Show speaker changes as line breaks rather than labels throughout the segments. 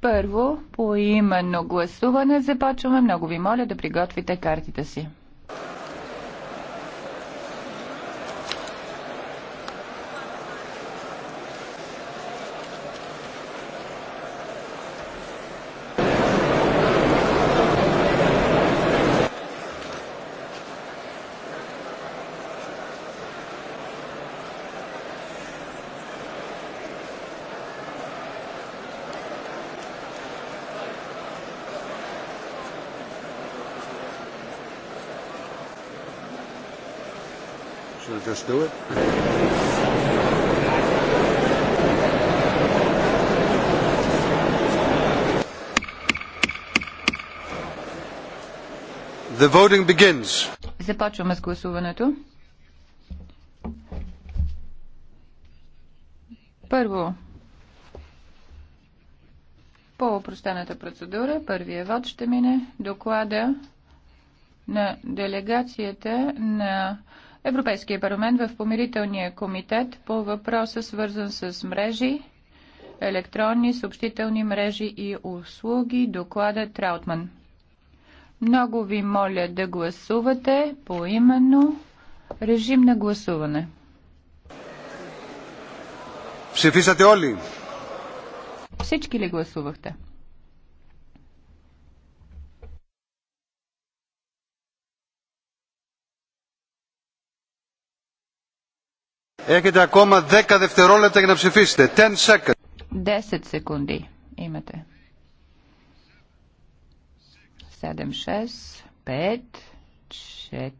Първо, по именно гласуване започваме. Много ви моля да приготвите картите си.
to just do it. The voting begins.
Започваме с гласуването. Първо, по опростената процедура, първия вод ще мине доклада на делегацията на Европейския парламент в помирителния комитет по въпроса свързан с мрежи, електронни съобщителни мрежи и услуги, доклада Траутман. Много ви моля да гласувате по именно режим на гласуване.
Ψηφίσατε όλοι.
Всички ли гласувахте?
Έχετε ακόμα 10 δευτερόλεπτα για να ψηφίσετε. 10 seconds.
10 секунди имате. 7, 6, 5, 4,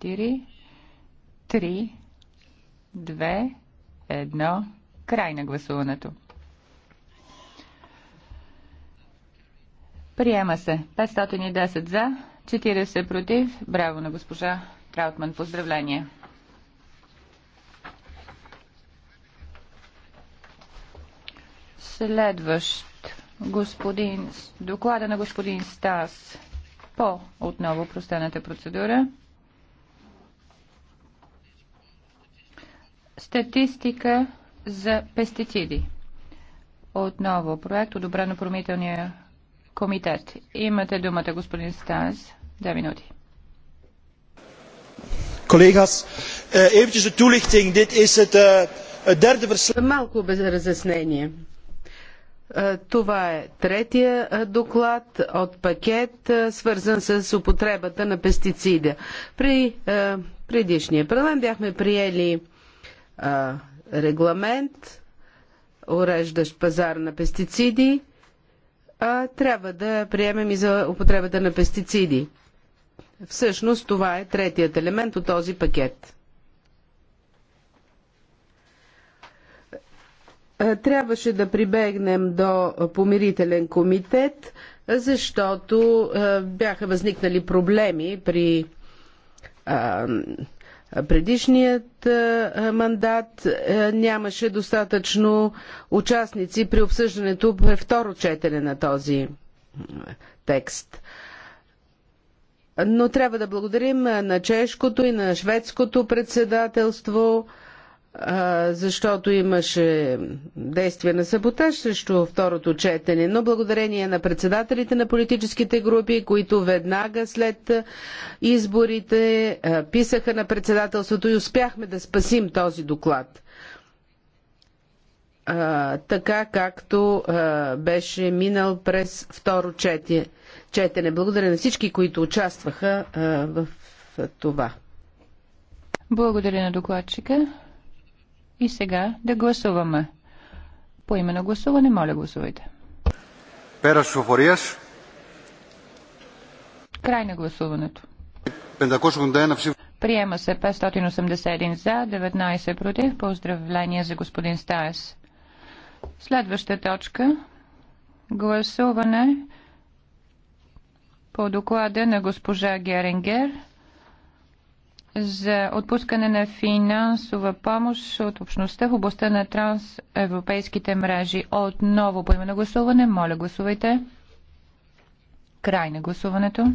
3, 2, 1. Край на гласуването. Приема се. 510 за, 40 против. Браво на госпожа Траутман. Поздравление! Следващ господин, доклада на господин Стас по отново простената процедура. Статистика за пестициди. Отново проект, одобрен на промителния комитет. Имате думата, господин Стас. Две минути.
Collega's, eventjes de toelichting. Dit is het, het derde verslag. Een малко разяснение. Е, това е третия е, доклад от пакет, е, свързан с употребата на пестицида. При предишния парламент бяхме приели регламент, уреждащ пазар на пестициди, а трябва да приемем и за употребата на пестициди. Всъщност това е третият елемент от този пакет. Е, трябваше да прибегнем до помирителен комитет, защото е, бяха възникнали проблеми при е, предишният мандат нямаше достатъчно участници при обсъждането при второ четене на този текст. Но трябва да благодарим на чешкото и на шведското председателство, защото имаше действие на саботаж срещу второто четене, но благодарение на председателите на политическите групи, които веднага след изборите писаха на председателството и успяхме да спасим този доклад. Така както беше минал през второ четене. Благодаря на всички, които участваха в това.
Благодаря на докладчика. И сега да гласуваме. По на гласуване, моля гласувайте.
Пера Шофориас.
Край на гласуването. Приема се 581 за, 19 против. Поздравления за господин Стаес. Следваща точка. Гласуване по доклада на госпожа Герингер за отпускане на финансова помощ от общността в областта на трансевропейските мрежи. Отново по на гласуване. Моля, гласувайте. Край на гласуването.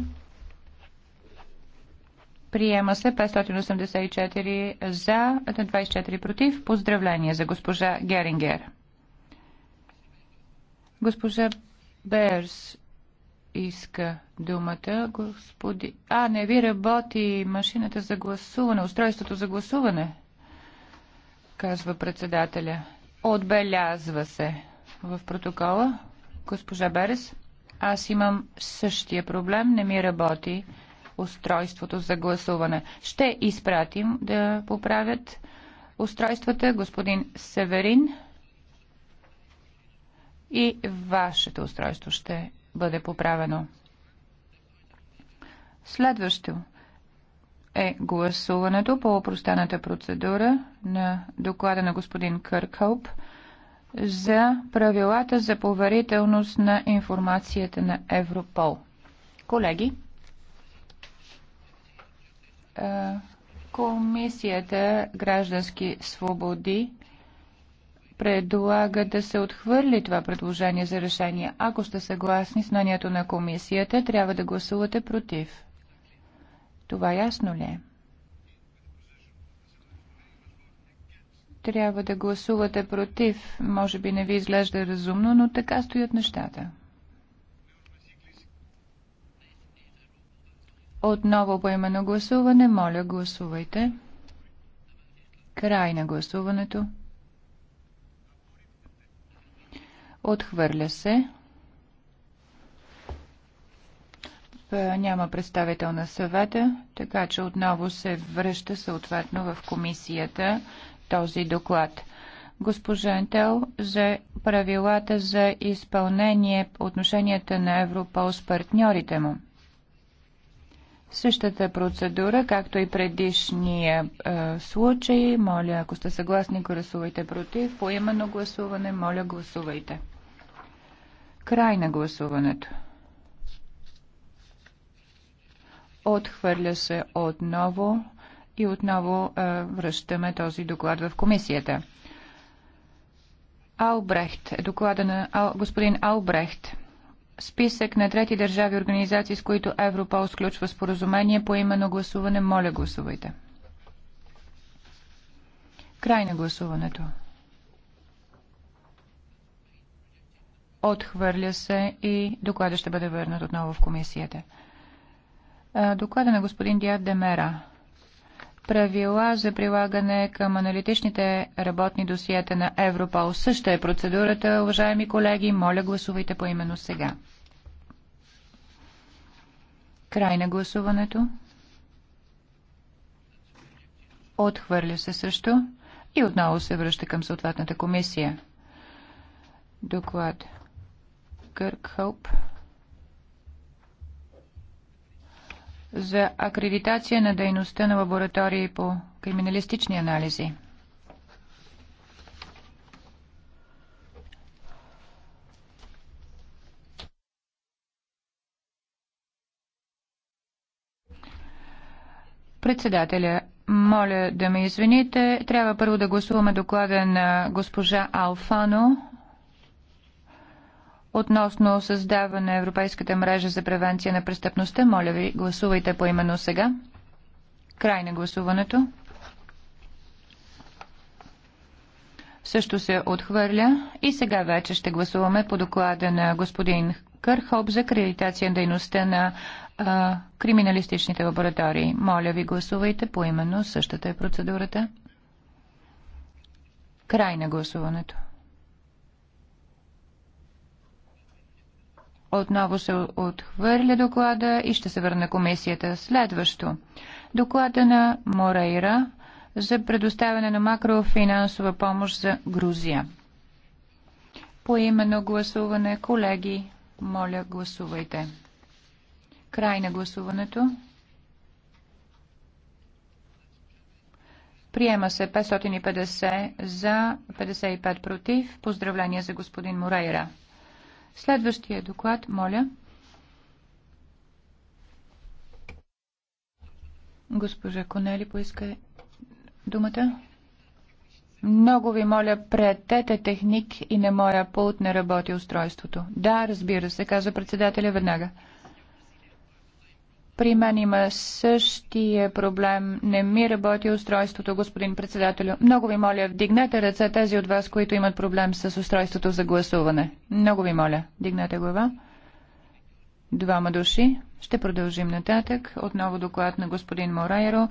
Приема се 584 за, 24 против. Поздравление за госпожа Герингер. Госпожа Берс иска думата. Господи... А, не ви работи машината за гласуване, устройството за гласуване, казва председателя. Отбелязва се в протокола. Госпожа Берес, аз имам същия проблем, не ми работи устройството за гласуване. Ще изпратим да поправят устройствата господин Северин и вашето устройство ще бъде поправено. Следващо е гласуването по опростената процедура на доклада на господин Къркълп за правилата за поверителност на информацията на Европол. Колеги, Комисията граждански свободи предлага да се отхвърли това предложение за решение. Ако сте съгласни с мнението на комисията, трябва да гласувате против. Това ясно ли е? Трябва да гласувате против. Може би не ви изглежда разумно, но така стоят нещата. Отново по именно гласуване. Моля, гласувайте. Край на гласуването. Отхвърля се. Е, няма представител на съвета, така че отново се връща съответно в комисията този доклад. Госпожа Ентел за правилата за изпълнение отношенията на Европол с партньорите му. Същата процедура, както и предишния е, случай, моля, ако сте съгласни, гласувайте против. По именно гласуване, моля, гласувайте. Край на гласуването. Отхвърля се отново и отново е, връщаме този доклад в комисията. Албрехт, доклада на Ал, господин Албрехт. Списък на трети държави и организации, с които Европол сключва споразумение по именно гласуване. Моля, гласувайте. Край на гласуването. отхвърля се и доклада ще бъде върнат отново в комисията. Доклада на господин Диад Демера. Правила за прилагане към аналитичните работни досиета на Европол. Съща е процедурата, уважаеми колеги. Моля, гласувайте по именно сега. Край на гласуването. Отхвърля се също и отново се връща към съответната комисия. Доклад. Кърк за акредитация на дейността на лаборатории по криминалистични анализи. Председателя, моля да ме извините, трябва първо да гласуваме доклада на госпожа Алфано относно създаване на Европейската мрежа за превенция на престъпността. Моля ви, гласувайте по именно сега. Край на гласуването. Също се отхвърля и сега вече ще гласуваме по доклада на господин Кърхоп за кредитация на дейността на а, криминалистичните лаборатории. Моля ви, гласувайте по именно Същата е процедурата. Край на гласуването. Отново се отхвърля доклада и ще се върна комисията. Следващо. Доклада на Морейра за предоставяне на макрофинансова помощ за Грузия. По именно гласуване, колеги, моля гласувайте. Край на гласуването. Приема се 550 за 55 против. Поздравления за господин Морейра. Следващия доклад, моля. Госпожа Конели поиска думата. Много ви моля, претете техник и на моя пулт не работи устройството. Да, разбира се, каза председателя веднага. При мен има същия проблем. Не ми работи устройството, господин председателю. Много ви моля, вдигнете ръце тези от вас, които имат проблем с устройството за гласуване. Много ви моля, дигнете глава. Двама души. Ще продължим нататък. Отново доклад на господин Морайро.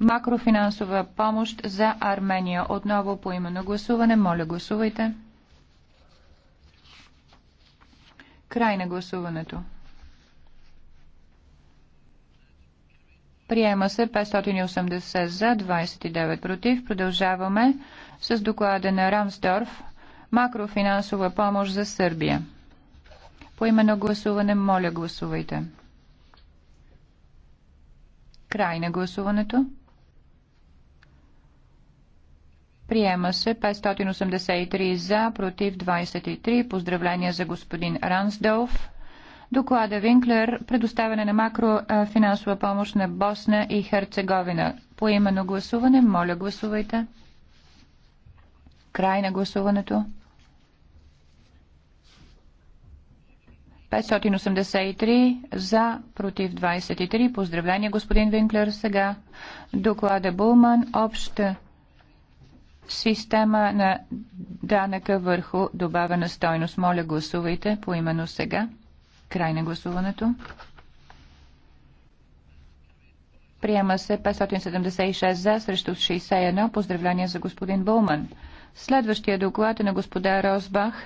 Макрофинансова помощ за Армения. Отново по именно гласуване. Моля, гласувайте. Край на гласуването. Приема се 580 за, 29 против. Продължаваме с доклада на Рамсдорф. Макрофинансова помощ за Сърбия. По именно гласуване, моля гласувайте. Край на гласуването. Приема се 583 за, против 23. Поздравления за господин Рансдолф доклада Винклер предоставяне на макрофинансова помощ на Босна и Херцеговина. По гласуване, моля гласувайте. Край на гласуването. 583 за, против 23. Поздравление, господин Винклер. Сега доклада Булман. Обща система на данъка върху добавена стойност. Моля, гласувайте по именно сега. Край на гласуването. Приема се 576 за срещу 61. Поздравления за господин Булман. Следващия доклад е на господа Росбах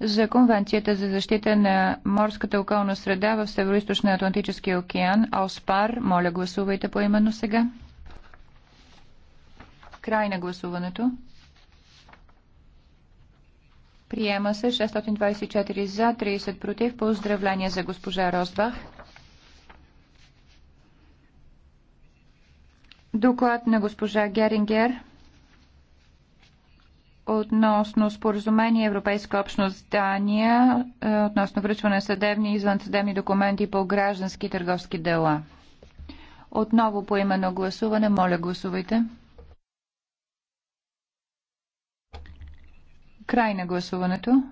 за Конвенцията за защита на морската околна среда в Североизточния Атлантически океан, ОСПАР. Моля, гласувайте поименно сега. Край на гласуването. Приема се 624 за, 30 против. Поздравления за госпожа Росбах. Доклад на госпожа Герингер относно споразумение Европейска общност Дания е, относно връчване на съдебни и извънсъдебни документи по граждански и търговски дела. Отново по именно гласуване. Моля, гласувайте. Край на гласуването.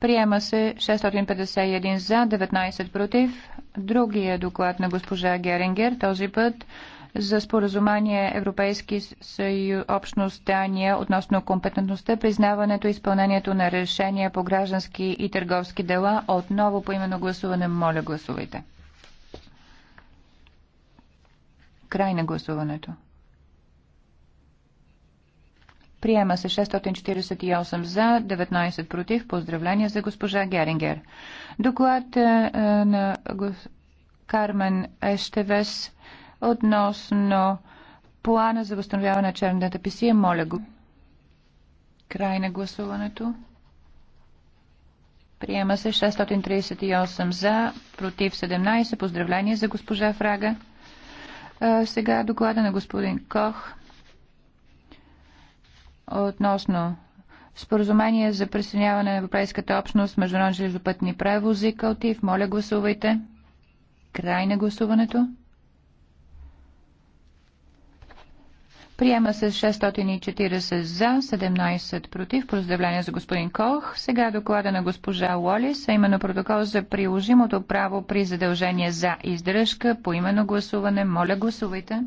Приема се 651 за, 19 против. Другия доклад на госпожа Герингер, този път за споразумание Европейски съюз общност Дания относно компетентността, признаването и изпълнението на решения по граждански и търговски дела. Отново по именно гласуване, моля гласувайте. Край на гласуването. Приема се 648 за, 19 против. Поздравления за госпожа Герингер. Доклад е, е, на Кармен Ещевес относно плана за възстановяване на черната писия. Моля го. Край на гласуването. Приема се 638 за, против 17. Поздравления за госпожа Фрага. Е, сега доклада на господин Кох относно споразумение за присъединяване на Европейската общност международни железопътни превози. Калтив, моля гласувайте. Край на гласуването. Приема се 640 за, 17 против. Поздравление за господин Кох. Сега доклада на госпожа Лолис, а именно протокол за приложимото право при задължение за издръжка по именно гласуване. Моля гласувайте.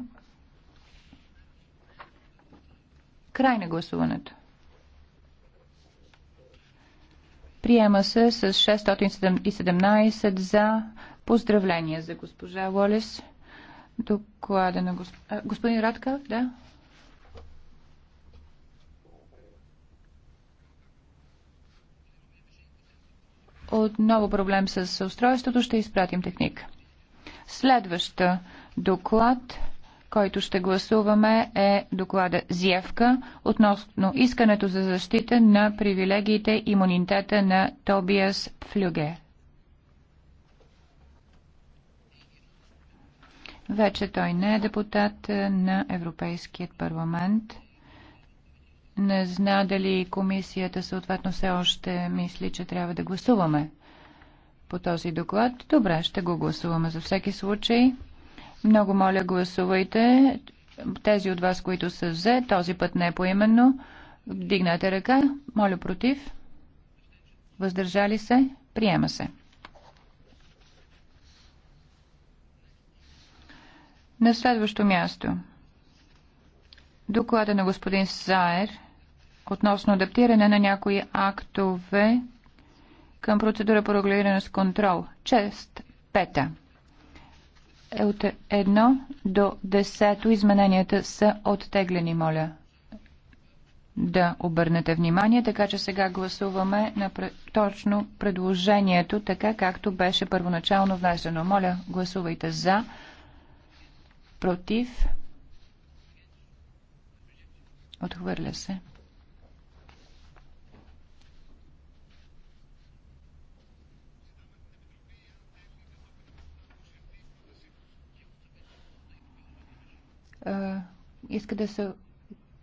Край на гласуването. Приема се с 617 за поздравления за госпожа Волес. Доклада на госп... а, господин Радка, да? Отново проблем с устройството. Ще изпратим техник. Следваща доклад който ще гласуваме е доклада Зевка относно искането за защита на привилегиите и имунитета на Тобиас Флюге. Вече той не е депутат на Европейският парламент. Не зна дали комисията съответно все още мисли, че трябва да гласуваме по този доклад. Добре, ще го гласуваме за всеки случай. Много моля, гласувайте. Тези от вас, които са взе, този път не е поименно. дигнете ръка. Моля против. Въздържали се. Приема се. На следващо място. Доклада на господин Заер относно адаптиране на някои актове към процедура по регулиране с контрол. Чест пета е от 1 до 10 измененията са оттеглени, моля да обърнете внимание, така че сега гласуваме на точно предложението, така както беше първоначално внесено. Моля, гласувайте за, против, отхвърля се. Е, иска да се...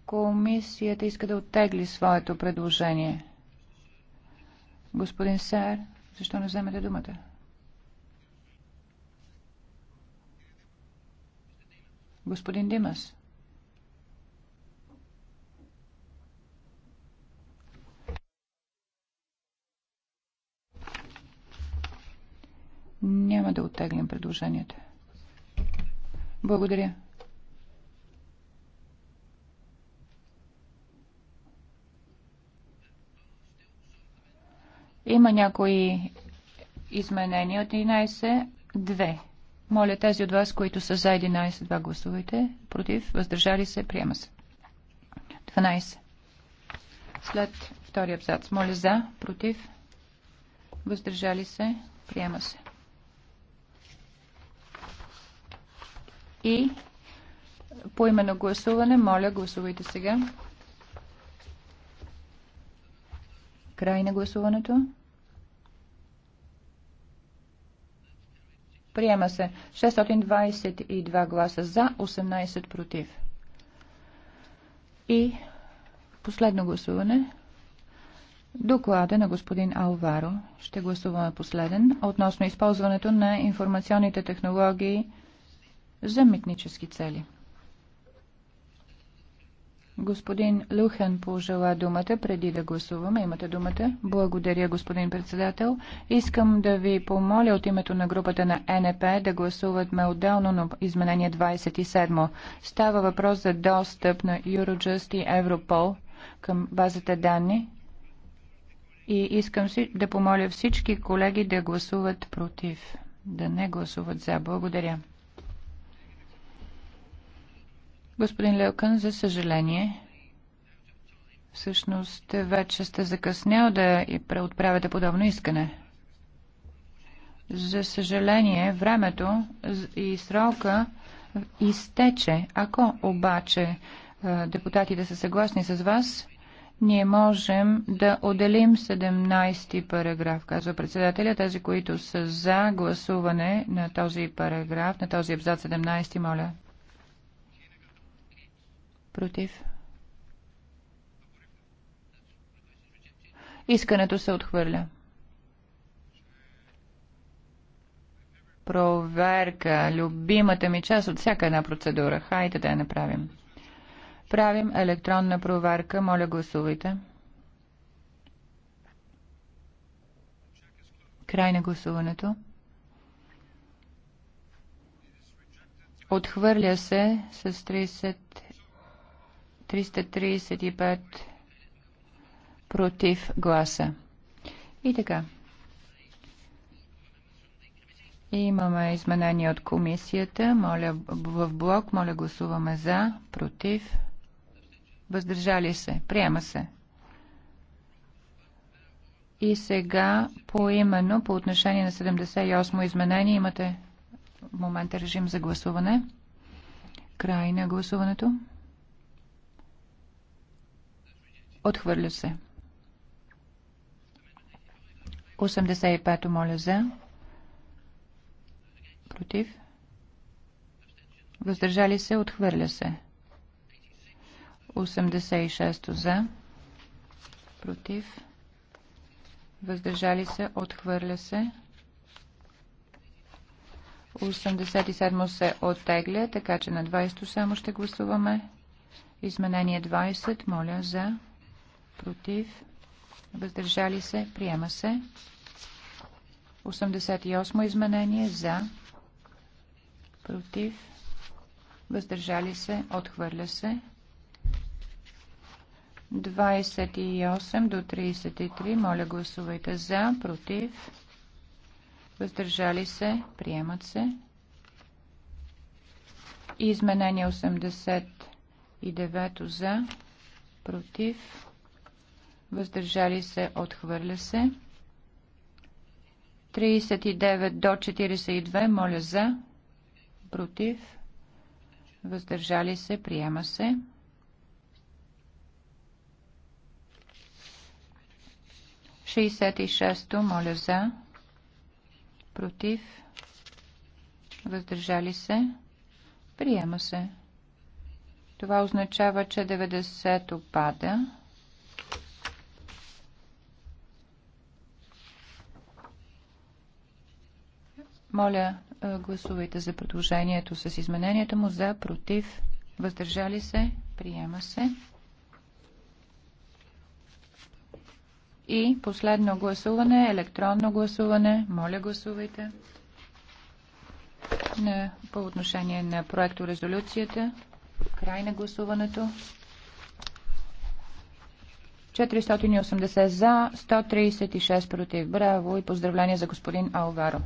Комисията иска да оттегли своето предложение. Господин Сер, защо не вземете думата? Господин Димас. Няма да оттеглим предложението. Благодаря. Има някои изменения от 11, 2. Моля тези от вас, които са за 11 2, гласувайте. Против, въздържали се, приема се. 12. След втори абзац. Моля за, против, въздържали се, приема се. И по именно гласуване, моля, гласувайте сега. Край на гласуването. Приема се 622 гласа за, 18 против. И последно гласуване. Доклада на господин Алваро. Ще гласуваме последен относно използването на информационните технологии за митнически цели. Господин Люхен пожела думата преди да гласуваме. Имате думата. Благодаря, господин председател. Искам да ви помоля от името на групата на НП да гласуваме отделно на изменение 27. Става въпрос за достъп на Eurojust и Европол към базата данни. И искам си да помоля всички колеги да гласуват против. Да не гласуват за. Благодаря. Господин Леокън, за съжаление, всъщност вече сте закъснял да и преотправяте подобно искане. За съжаление, времето и срока изтече. Ако обаче депутатите са съгласни с вас, ние можем да отделим 17 параграф, казва председателя. Тези, които са за гласуване на този параграф, на този абзац 17, моля, Против. Искането се отхвърля. Проверка. Любимата ми част от всяка една процедура. Хайде да я направим. Правим електронна проверка. Моля, гласувайте. Край на гласуването. Отхвърля се с 335 против гласа. И така. Имаме изменение от комисията. Моля в блок, моля гласуваме за, против, въздържали се, приема се. И сега по именно по отношение на 78 изменение имате в момента режим за гласуване. Край на гласуването. Отхвърля се. 85-то моля за. Против. Въздържали се. Отхвърля се. 86-то за. Против. Въздържали се. Отхвърля се. 87 се оттегля, така че на 20 само ще гласуваме. Изменение 20. Моля за против, въздържали се, приема се. 88 изменение за, против, въздържали се, отхвърля се. 28 до 33, моля гласувайте за, против, въздържали се, приемат се. Изменение 89 за, против, въздържали се, отхвърля се. 39 до 42, моля за, против, въздържали се, приема се. 66, моля за, против, въздържали се, приема се. Това означава, че 90 пада. Моля, е, гласувайте за предложението с изменението му за против. Въздържали се? Приема се. И последно гласуване, електронно гласуване. Моля, гласувайте. На, по отношение на проекто резолюцията. Край на гласуването. 480 за, 136 против. Браво и поздравления за господин Алваро.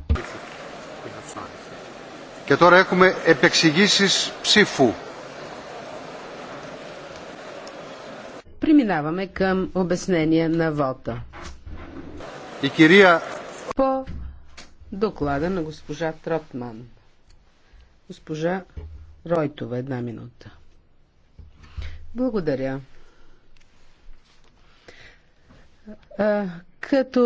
Και τώρα έχουμε επεξηγήσεις ψήφου. Преминаваме към обяснение на вота. И кирия... По доклада на госпожа Тротман. Госпожа Ройтова, една минута. Благодаря. А, като